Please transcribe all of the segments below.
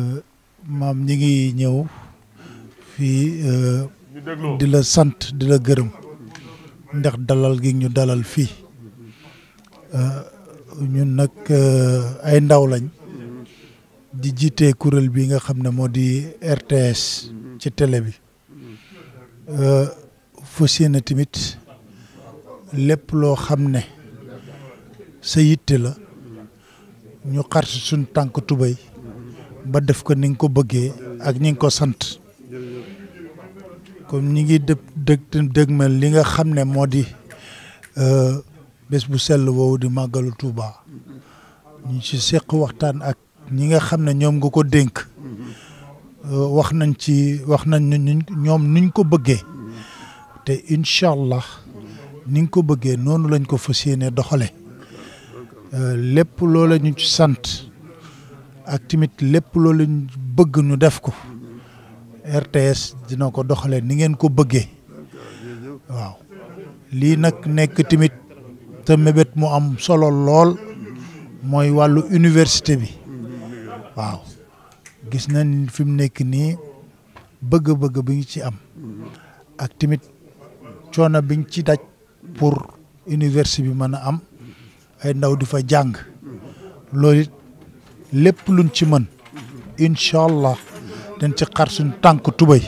Euh, maam ñi ngi ñëw fii euh, di la sant di la gërëm ndax dalal gi ñu dalal fii euh, ñun nag ay ndaw lañ di jiite kuréel bi nga xam ne moo di RTS ci télé bi fas yéene lépp loo xam ne sa yitte la ñu xar suñ tànk tubéy ba def ko ni nga ko bëggee ak ñi nga ko sant comme ñi ngi dëg dëg dëgmal li nga xam ne moo di euh, bés bu sell woowu di màggalu Tuuba ñu ci seq waxtaan ak ñi nga xam ne ñoom nga ko dénk euh, wax nañ ci wax nañ ñu ñoom niñ ko bëggee te incha allah ni nga ko bëggee noonu lañ ko fa yéene doxale euh, lépp loola ñu ci sant ak tamit lépp loolu bëgg ñu def ko RTS dina ko doxalee ni ngeen ko bëggee waaw lii nag nekk tamit te mébét mu am solo lool mooy wàllu université bi waaw gis na fi mu nekk nii bëgg-bëgg bi ngi ci am ak tamit coono biñ ci daj pour université bi mën a am ay ndaw di fa jàng loolu lépp luñ ci mën incha allah dañ ci xar suñ tànk tubay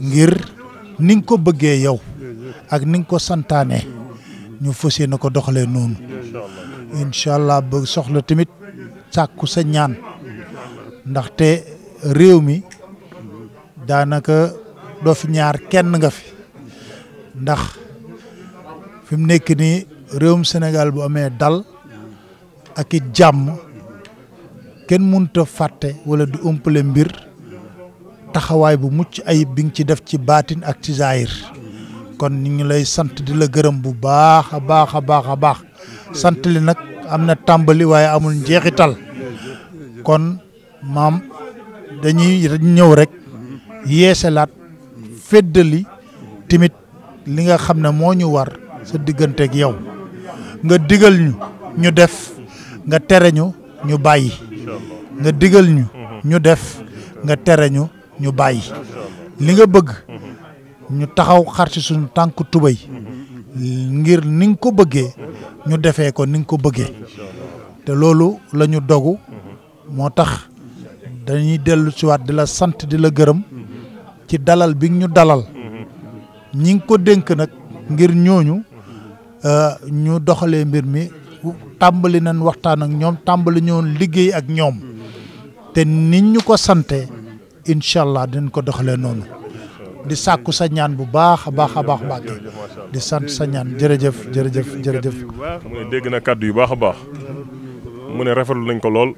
ngir ning ko bëggee yow ak ni ko santaane ñu fas yéene ko doxalee noonu incha allah bëgg soxla tamit sàkku sa ñaan ndaxte réew mi daanaka doo fi ñaar kenn nga fi ndax fi mu nekk nii réewum senegal bu amee dal ak i jàmm. kenn mënta fàtte wala du ëmpale mbir taxawaay bu mucc ayib bi ci def ci baatin ak ci zaahir kon ñu ngi lay sant di la gërëm bu baax a baax a baax a baax sant li nag am na tàmbali waaye amul njeexital kon maam dañuy ñëw rek yeesalaat feddali timit li nga xam ne moo ñu war sa digganteek yow nga digal ñu ñu def nga tere ñu ñu bàyyi nga digal ñu ñu def nga tere ñu ñu bàyyi li nga bëgg ñu taxaw xar ci suñu tànk tubéy ngir ni nga ko bëggee ñu defee ko ni nga ko bëggee te loolu la ñu dogu moo tax dañuy dellu siwaat di la sant di la gërëm ci dalal bi ñu dalal ñi ko dénk nag ngir ñooñu euh, ñu doxalee mbir mi tàmbali nañ waxtaan ak ñoom tàmbali ñoon liggéey ak ñoom te nit ñu ko sante incha allah dinañ ko doxalee noonu di sàkku sa ñaan bu baax a baax a baax Mbàkke di sant sa ñaan jërëjëf jërëjëf jërëjëf. mu ne dégg na kàddu yu baax a baax mu ne rafetlu nañ ko lool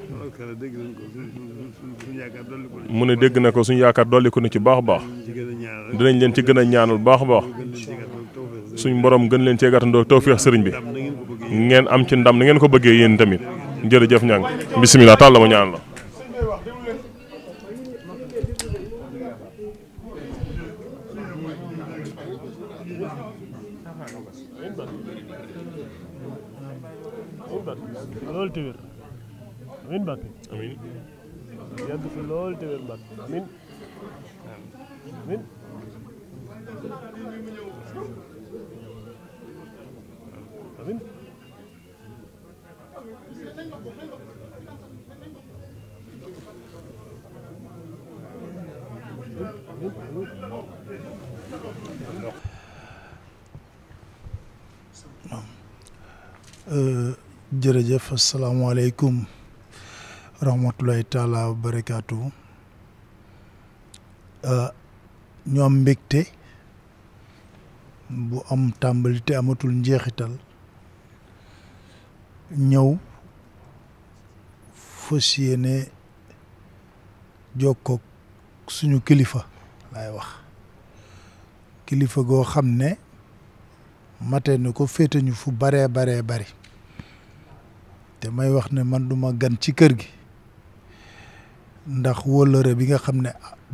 mu ne dégg na ko suñu yaakaar dolli ko ni ci baax a baax dinañ leen ci gën a ñaanul baax baax. suñ borom gën leen cee gàttandoo tawféex sëriñ bi ngeen am ci ndam na ngeen ko bëggee yéen tamit jërëjëf ñang bisimilah tàll ma ñaan la. amiin euh, jërëjëf asalaamaaleykum rahmatulahi taala wa barakaatu euh, ñoo am mbégte bu am tàmbali amatul njeexital ñëw fas yéene jokkoog suñu kilifa laay wax kilifa goo xam ne mate na ko féetañu fu baree baree bari te may wax ne man duma gan ci kër gi ndax wóllëre bi nga xam ne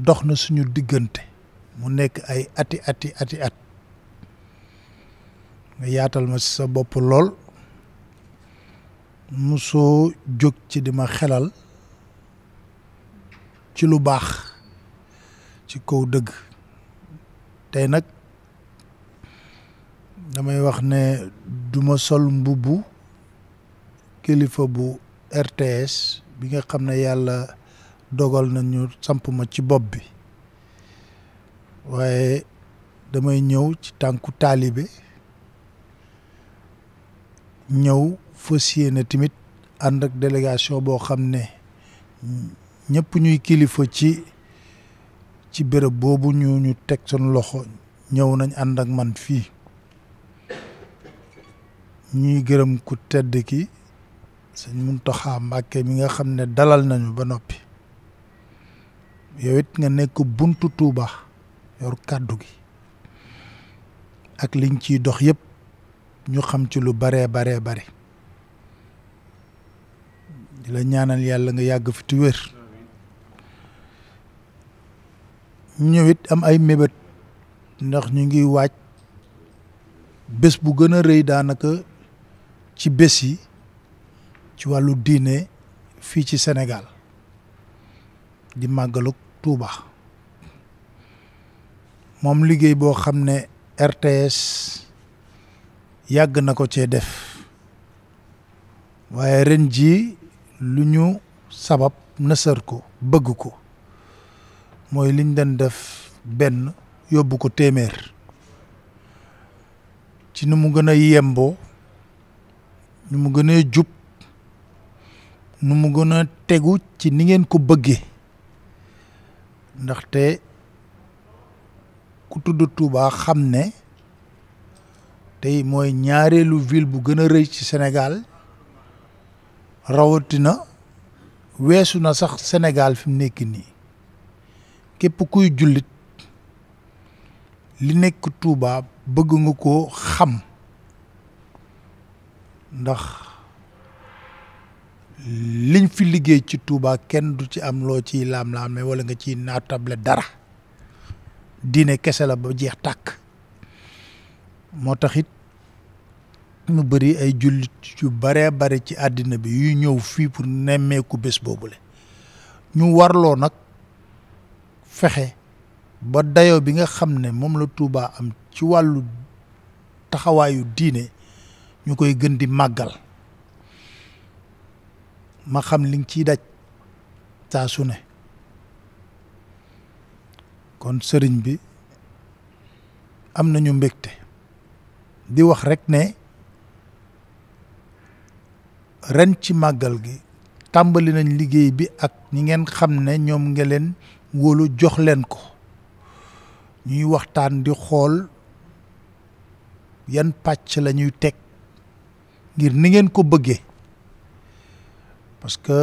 dox na suñu diggante mu nekk ay ati ati at nga yaatal ma ci sa bopp lool musoo jóg ci di ma xelal ci lu baax ci kaw dëgg tey nag damay wax ne duma sol mbubbu kilifa bu RTS bi nga xam ne yàlla dogal nañu samp ma ci bopp bi waaye damay ñëw ci tànku taalibe ñëw fas yéene tamit ànd ak délégation boo xam ne ñëpp ñuy kilifa ci ci béréb boobu ñu ñu teg seen loxo ñëw nañ ànd ak man fii ñuy gërëm ku tedd ki sëñ Muntaxa Mbàkke mi nga xam ne dalal nañu ba noppi yowit nga nekk buntu Tuuba yor kàddu gi ak liñ ciy dox yëpp ñu xam ci lu baree baree bare di la ñaanal yàlla nga yàgg fi tu am ay mébét ndax ñu ngi waaj bés bu gën a rëy daanaka ci bés yi ci wàllu diine fii ci Sénégal di màggaluk Touba moom liggéey boo xam ne RTS yàgg na ko cee def waaye ren jii lu ñu sabab nësër ko bëgg ko mooy liñ den def benn yóbbu ko téeméer ci nu mu gën a yemboo nu gën a jub nu gën a tegu ci ni ko bëggee ndaxte ku tudd Tuubaa xam ne tey mooy ñaareelu ville bu gën a rëy ci Sénégal rawatina weesu na sax Sénégal fim nekk nii képp kuy jullit li nekk Touba bëgg nga koo xam ndax liñ fi liggéey ci Touba kenn du ci am loo ciy laam-laame wala nga ciy naatable dara diine kese la ba jeex tàkk moo taxit mu bari ay jullit yu baree bari ci àddina bi yu ñëw fii pour nemmeeku bés boobu le ñu warloo nag fexe ba dayo bi nga xam ne moom la Tuubaa am ci wàllu taxawaayu diine ñu koy gën di màggal ma xam li nga ciy daj saa ne kon sëriñ bi am nañu mbégte di wax rek ne ren ci màggal gi tàmbali nañ liggéey bi ak ñi ngeen xam ne ñoom nga leen wóolu jox leen ko ñuy waxtaan di xool yan pàcc la ñuy teg ngir ni ngeen ko bëggee parce que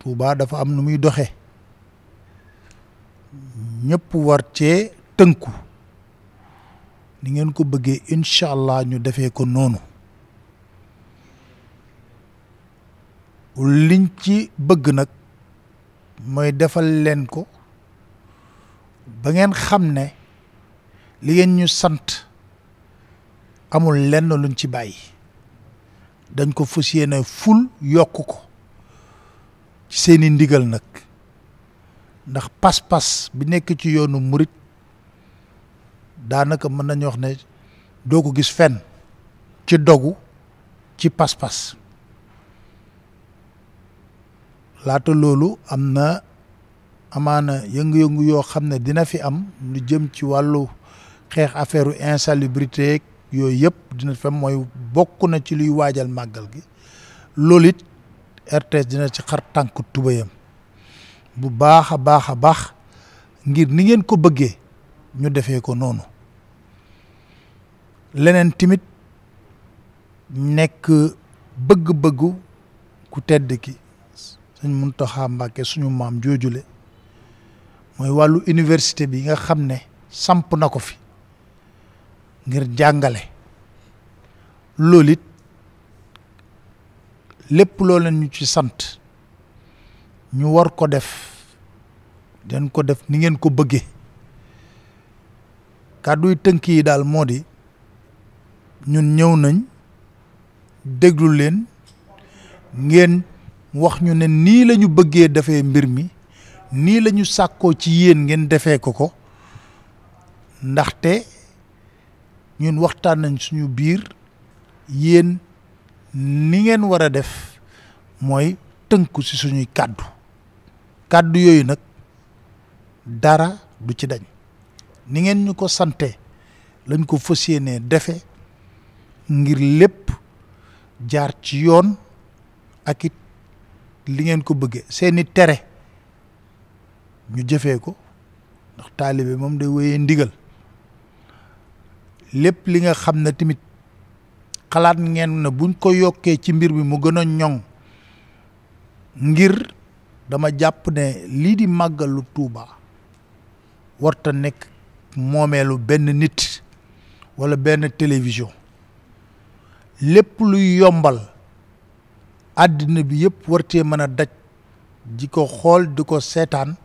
Touba dafa am nu muy doxe ñépp war cee tënku ni ngeen ko bëggee incha allah ñu defee ko noonu liñ ci bëgg nag mooy defal leen ko ba ngeen xam ne li ngeen ñu sant amul lenn luñ ci bàyyi dañ ko fus yéene ful yokk ko ci seeni ndigal nag ndax pas-pas bi nekk ci yoonu murit daanaka mën nañu wax ne doo ko gis fenn ci dogu ci paspas pas laata loolu am na amaana yëngu-yëngu yoo xam ne dina fi am lu jëm ci wàllu xeex affaire insalubrité yooyu yëpp dina fa mooy bokk na ci luy waajal màggal gi loolu it RTS dina ci xar tànk tubayam bu baax a baax a baax ngir ni ngeen ko bëggee ñu defee ko noonu leneen timit nekk bëgg-bëggu ku tedd ki sëñ Muntaxa Mbàkke suñu maam joojule mooy wàllu université bi nga xam ne samp na ko fi ngir jàngale loolit lépp loo leen ñu ci sant ñu war ko def den ko def ni ngeen ko bëggee kàdduy tënk yi daal moo di ñun ñëw nañ déglu leen ngeen wax ñu ne nii lañu bëggee defee mbir mi nii lañu sàkkoo ci yéen ngeen defee ko ko ndaxte ñun waxtaan nañ suñu biir yéen ni ngeen war a def mooy tënku ci suñuy kàddu kàddu yooyu nag dara du ci dañ ningeen ngeen ñu ko sante lañ ko fas yéenee defe ngir lépp jaar ci yoon ak it li ngeen ko bëggee seeni tere ñu jëfee ko ndax taalibe moom day wéyee ndigal lépp li nga xam ne tamit xalaat ngeen ne buñ ko yokkee ci mbir mi mu gën a ñoŋ ngir dama jàpp ne lii di màggalu Tuuba warta nekk moomeelu benn nit wala benn télévision lépp luy yombal àddina bi yépp yëpp wartee mën a daj di ko xool di ko seetaan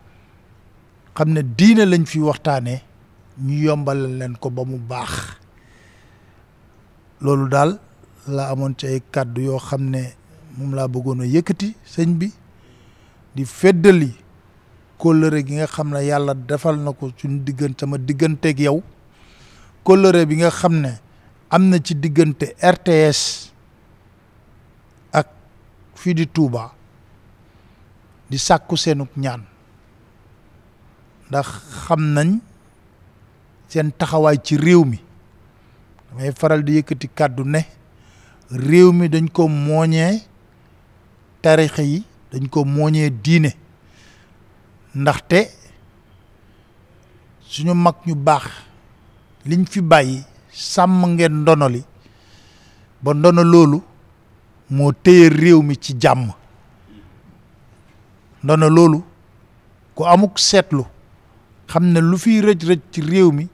xam ne diine lañ fi waxtaanee ñu yombal leen ko ba mu baax loolu daal la amoon ci ay kàddu yoo xam ne moom laa bëggoon a yëkkati sëñ bi di feddali kóllëre gi nga xam ne yàlla defal na ko suñu diggante sama digganteeg yow kóllëre bi nga xam ne am na ci diggante RTS ak fii di Touba di sàkku seenug ñaan ndax xam nañ seen taxawaay ci réew mi mais faral di yëkkati kàddu ne réew mi dañ koo mooñee tarixa dañ koo mooñee diine ndaxte suñu mag ñu baax liñ fi bàyyi sàmm ngeen ndono li ba dono loolu moo téye réew mi ci jàmm ndono loolu ku amuk seetlu xam na lu fiy rëj-rëj ci réew mi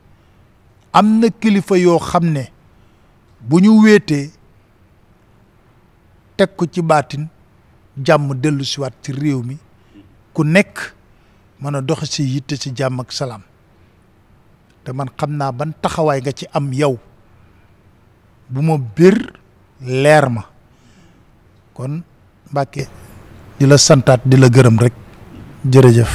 am na kilifa yoo xam ne bu ñu weetee teg ko ci baatin jàmm dellu siwaat ci réew mi ku nekk man a dox si yitte si jàmm ak salaam te man xam naa ban taxawaay nga ci am yow bu ma bir leer ma kon Mbàkke di la santaat di la gërëm rek jërëjëf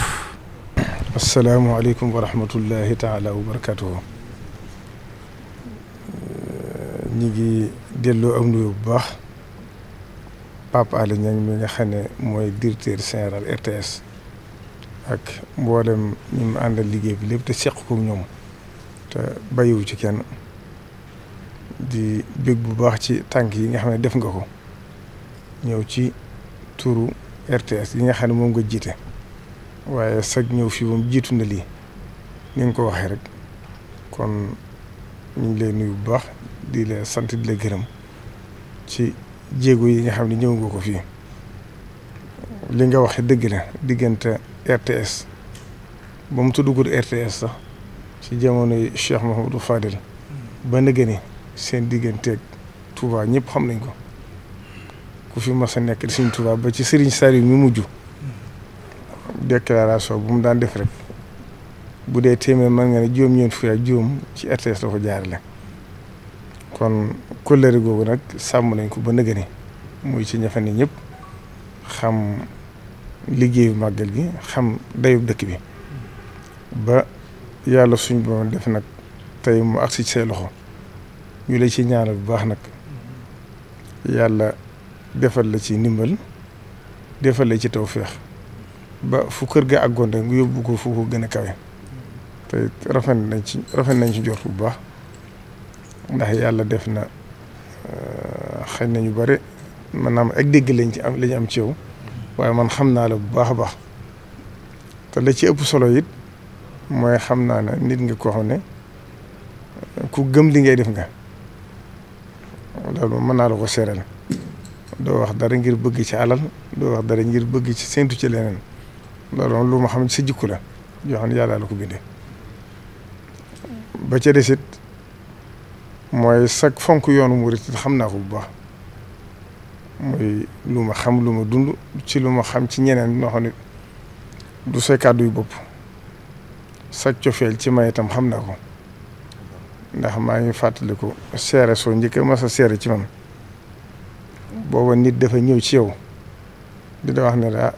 asalaamaaleykum wa rahmatullahi taala wa barakatuhu ñi ngi delloo am nuyu bu baax Pape ale Niang mi nga xam ne mooy directeur général RTS ak mboolem ñi mu àndal liggéey bi lépp te seq ko ñoom te bàyyiwu ci kenn di bég bu baax ci tànk yi nga xam ne def nga ko ñëw ci turu RTS yi nga xam ne moom nga jiite waaye sag ñëw fii moom jiitu na lii ni nga ko waxee rek kon ñu ngi lay nuyu bu baax di la sant di la gërëm ci jéego yi nga xam ne ñëw nga ko fii li nga waxe dëgg la diggante. RTS ba mu tuddugul RTS sax ci jamonoy Cheikh Mouhamadou Fadel ba nëgëni seen digganteeg Touba ñëpp xam nañ ko ku fi mas a nekk di Sëriñ Touba ba ci Serigne Saliou mu mujj déclaration bu mu daan def rek bu dee téeméer mën nga ne juróom-ñeent fukki ak juróom ci RTS la ko jaarale kon kóllëre googu nag sàmm nañ ko ba nëgëni muy ci ñafe ne ñëpp xam. liggéeyu màggal gi xam dayub dëkk bi ba yàlla suñ borom def nag tey mu agsi ci say loxo ñu la ci ñaanal bu baax nag yàlla defal la ci ndimbal defal la ci taw tawféex ba fu kër ga àggoon rek nga yóbbu ko fu ko gën kawe te rafet nañ ci rafet nañ ci jox bu baax ndax yàlla def na euh, xëy nañu bare maanaam ak dégg lañ ci am lañu am ci yow waaye man xam naa la bu baax a baax te la ci ëpp solo it mooy xam naa ne nit nga koo xam ne ku gëm li ngay def nga loolu mën naa la ko seeral doo wax dara ngir bëgg ci alal doo wax dara ngir bëgg ci séntu ci leneen loolu lu ma xam sa jikku la yoo xam ne yàlla la ko bindee ba ca desit mooy sag fonk yoonu murit xam naa ko bu baax muy lu ma xam lu ma dund ci lu ma xam ci ñeneen ñoo du say kàddu yu bopp sa cofeel ci may itam xam na ko ndax maa ngi fàttaliku seere soo njëkk ma sa seere ci man booba nit dafa ñëw ci yow di da wax ne daa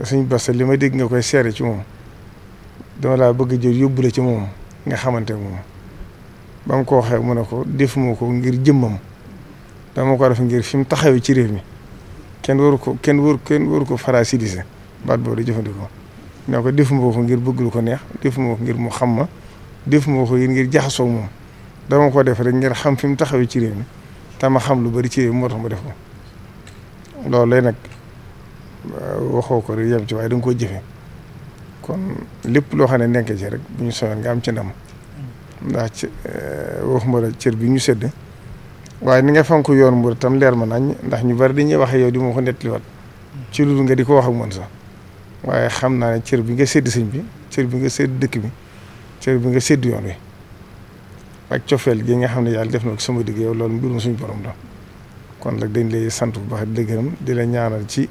ah, suñ basta li ma dégg nga koy seere ci moom dama laa bëgg jël yóbbule ci moom nga xamante moom ba nga ko waxee mu ne ko defuma ko ngir jëmmam dama ko def ngir fi mu taxawee ci réew mi kenn waru ko kenn waru kenn waru ko farasilisé baat boobu di jëfandikoo ne ko defuma ko ngir bëgg lu ko neex defuma ko ngir mu xam ma defuma ko ngir jaxasoo moom dama ko def rek ngir xam fi mu taxawee ci réew mi te ma xam lu bari ci réew mi moo tax mu def ko loolu lay nag waxoo ko rek yem ci waaye da ko koo jëfe kon lépp loo xam ne nekk ci rek bu ñu soxla nga am ci ndam ndax ci eh, waxuma la cër bi ñu sedd waaye ni nga fonk yoon mbir tam leer ma nañ ndax ñu bari dañuy wax yow di moo ko nettaliwaat ci lu nga di ko wax ak man sax waaye xam naa ne cër bi nga sedd sëñ bi cër bi nga sédd dëkk bi cër bi nga sedd yoon wi ak cofeel gi nga xam ne yàlla def na ko sama digg yow loolu mbirum suñu borom la kon nag dañ lay sant bu baax di la gërëm di la ñaanal ci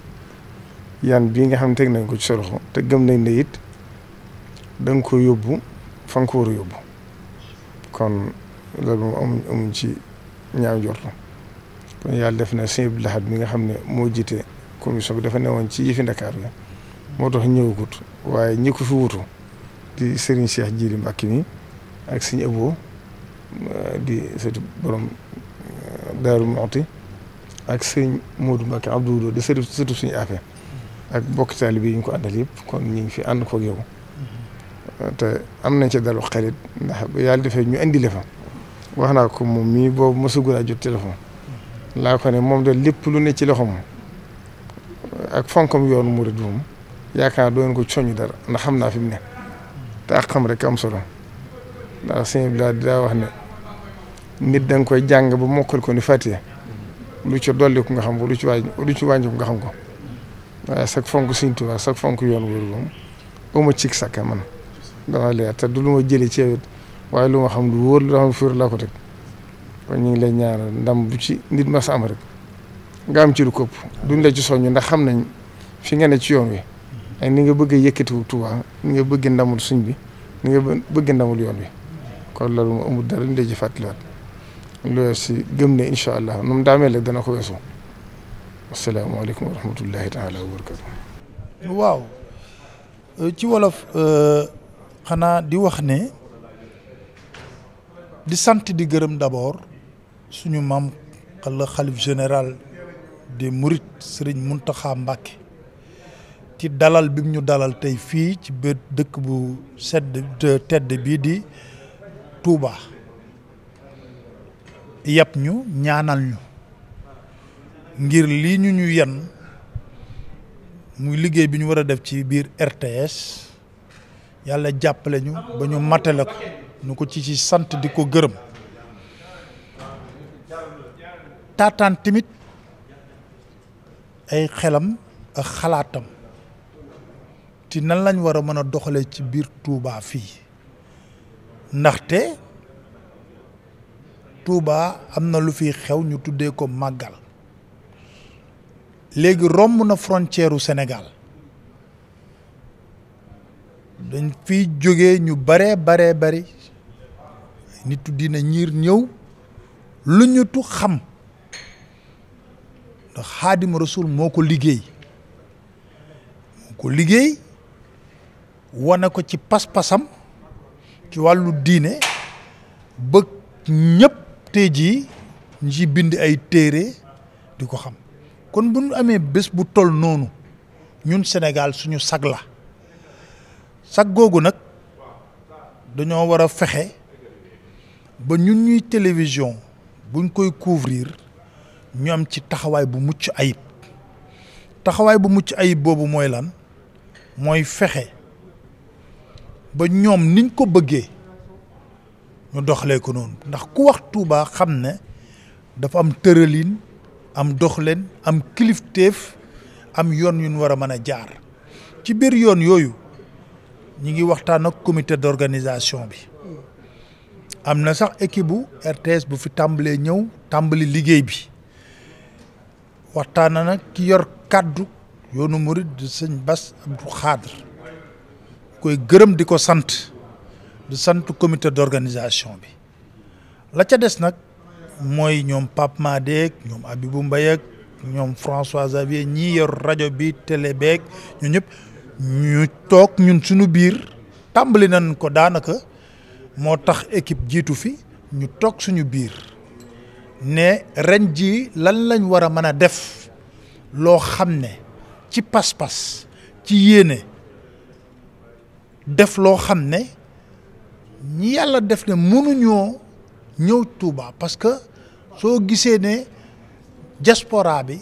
yan bii nga xam ne teg nañ ko ci sa loxo te gëm nañ ne it da nga ko yóbbu fa nga ko war a yóbbu kon ci. ñaaw njort kon yàlla def na sëñ Abdou Lahad mi nga xam ne moo jiite commission bi dafa newoon ci yëfi Ndakaar la moo tax ñëwagut waaye ñi ko fi wutu di Serigne Cheikh Jili Mbàkke mi ak sëñ Abo euh, borom euh, Daaru Muxti ak sëñ Modou Mbàkke Abdou Wudo di sëtu sëtu suñu affaire ak bokk taalibe yi ñu ko àndal yëpp kon ñu ngi fi ànd ko yow mm-hmm. te am nañ ci dalu xarit ndax yàlla defee ñu indi fa wax naa ko moom mii boobu mosagul a jot téléphone laa ko ne moom de lépp lu ne ci loxoom ak fonkam yoonu murid moom yaakaar doon ko coñu dara ndax xam naa fi mu ne te ak xam rek am solo ndax sëñ bi di daa wax ne nit da nga koy jàng ba mokkal ko ni lu ci dolli ko nga xam ko lu ci wàññi lu ci wàññi ko nga xam ko waaye sag fonk Sëñ Tuubaa sag fonk yoon wóor moom uma cig sakka man dama leer te du ma jëlee ci waaye lu ma xam lu wóor lu xam fiir laa ko teg kon ñu ngi lay ñaanal ndam bu ci nit ma sa am rek nga am ci lu këpp duñ la ci soññu ndax xam nañ fi nga ne ci yoon wi ak ni nga bëgg a yëkkatiwu Tuubaa ni nga bëgg ndamul suñ bi ni nga bëgg ndamul yoon wi kon loolu mu amul dara ñu ci fàttaliwaat loolu si incha allah nu daamee rek dana ko weesu asalaamaaleykum wa rahmatullahi taala wolof euh, xanaa di wax ne. di sant di gërëm d'abord suñu maam la xalif général des Mourides sëriñ Muntaxa Mbàkke ci dalal bi ñu dalal tey fii ci biir dëkk bu sedd tedd bii di Touba yàpp ñu ñaanal ñu ngir lii ñu ñu yenn muy liggéey bi ñu war a def ci biir RTS yàlla jàppale ñu ba ñu matale ko nu ko ci ci sant di ko gërëm taataan tamit ay xelam ak xalaatam ti nan lañ war a mën a doxalee ci biir Touba fii ndaxte Touba am na lu fiy xew ñu tuddee ko màggal léegi romb na frontière u Sénégal dañ fiy jógee ñu baree baree bari nitu diina ñiir ñëw lu ñu tu xam ndax xaadima rasul moo ko liggéey moo ko liggéey wane ko ci pas-pasam ci wàllu diine bëgg ñépp tey ji ñu bind ay téere di ko xam kon bu ñu amee bés bu toll noonu ñun senegal suñu sag la sag googu nag dañoo war a fexe ba ñun ñuy télévision buñ koy couvrir ñu ci taxawaay bu mucc ayib taxawaay bu mucc ayib boobu mooy lan mooy fexe ba ñoom niñ ko bëggee ñu doxalee ko noonu ndax ku wax Touba xam ne dafa am tëralin am doxleen am kilifteef am yoon yu ñu war a mën a jaar ci biir yoon yooyu ñi ngi waxtaan ak comité d'organisation bi am na sax équipe bu RTS bu fi tàmbalee ñëw tàmbali liggéey bi waxtaana na nag ki yor kàddu yoonu murid di sëñ Bass Abdou Khadre koy gërëm di ko sant di sant comité d'organisation bi la ca des nag mooy ñoom Pape Madek ñoom Abibou Mbaye ak ñoom François Xavier ñii yor rajo bi télé beeg ñu ñëpp ñu toog ñun suñu biir tàmbali nañ ko daanaka moo tax équipe jiitu fi ñu toog suñu biir ne ren ji lan lañ war a mën a def loo xam ne ci pas-pas ci yéene def loo xam ne ñi yàlla def ne mënuñoo ñëw Touba parce que soo gisee ne diaspora bi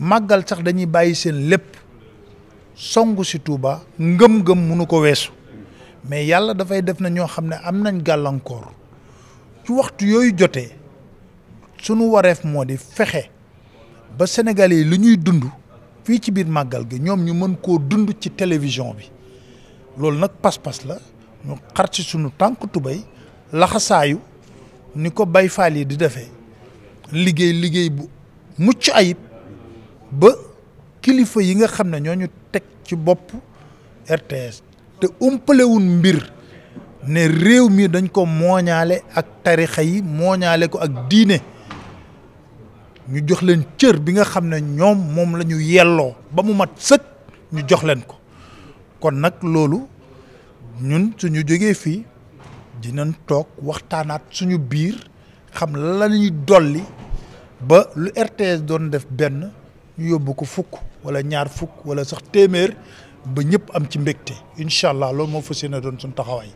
màggal sax dañuy bàyyi seen lépp songu si Touba ngëm-ngëm mënu ko weesu. mais yàlla dafay def na ñoo xam ne am nañ gàllankoor ci waxtu yooyu jotee sunu wareef moo di fexe ba sénégal yi li ñuy dund fii ci biir màggal gi ñoom ñu mën koo dund ci télévision bi loolu nag pas-pas la ñu xar ci sunu tànk tubéy laxasaayu ni ko bay faal yi di defee liggéey liggéey bu mucc ayib ba kilifa yi nga xam ne ñoo ñu teg ci bopp RTS te umpalewun mbir ne réew mi dañ ko mooñaale ak tarixa yi mooñaale ko ak diine ñu jox leen cër bi nga xam ne ñoom moom lañu yelloo ba mu mat sëkk ñu jox leen ko kon nag loolu ñun suñu jógee fii dinañ toog waxtaanaat suñu biir xam lañuy ñuy dolli ba lu RTS doon def benn ñu yóbbu ko fukk wala ñaar fukk wala sax téeméer ba ñëpp am ci mbégte incha allah loolu moo fas yéene doon suñu taxawaay.